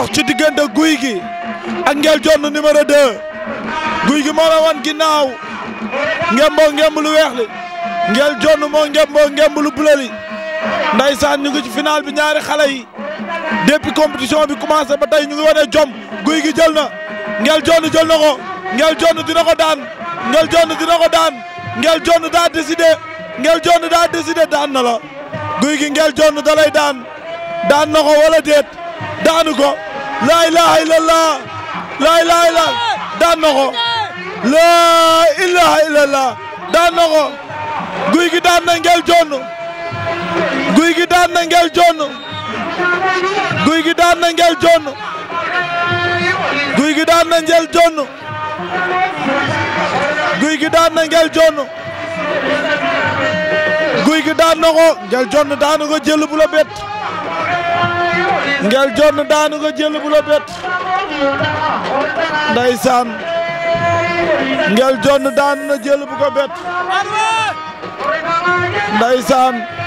dox ci diggante guy gi ak ngel jonn numéro 2 guy gi moo la wan ginnaaw ngemboo ngemb lu weex li ngel jonn moo ngemboo ngemb lu bula li ndaysaan ñu ngi ci final bi ñaari xale yi depuis compétition bi commencé ba tey ñu ngi wane jom guy gi jël na ngel jonn jël na ko ngel jonn dina ko daan ngel jonn dina ko daan ngel jonn daa décidé ngel jonn daa décidé daan na guy gi ngel jonn da lay daan daan na ko déet daanu ko laa ilaha illallah laa ilaha illallah daan na ko laa ilaha illallah daan na ko guy gi daan na ngel jonn guy gi daan na ngel jonn guy gi daan na ngel jonn guy gi daan na ngel jonn guy gi daan na ngel jonn daan na ko Ngel Jonn daanu ko jël bu la daanu ko jël bu la bett ndeysaan Ngel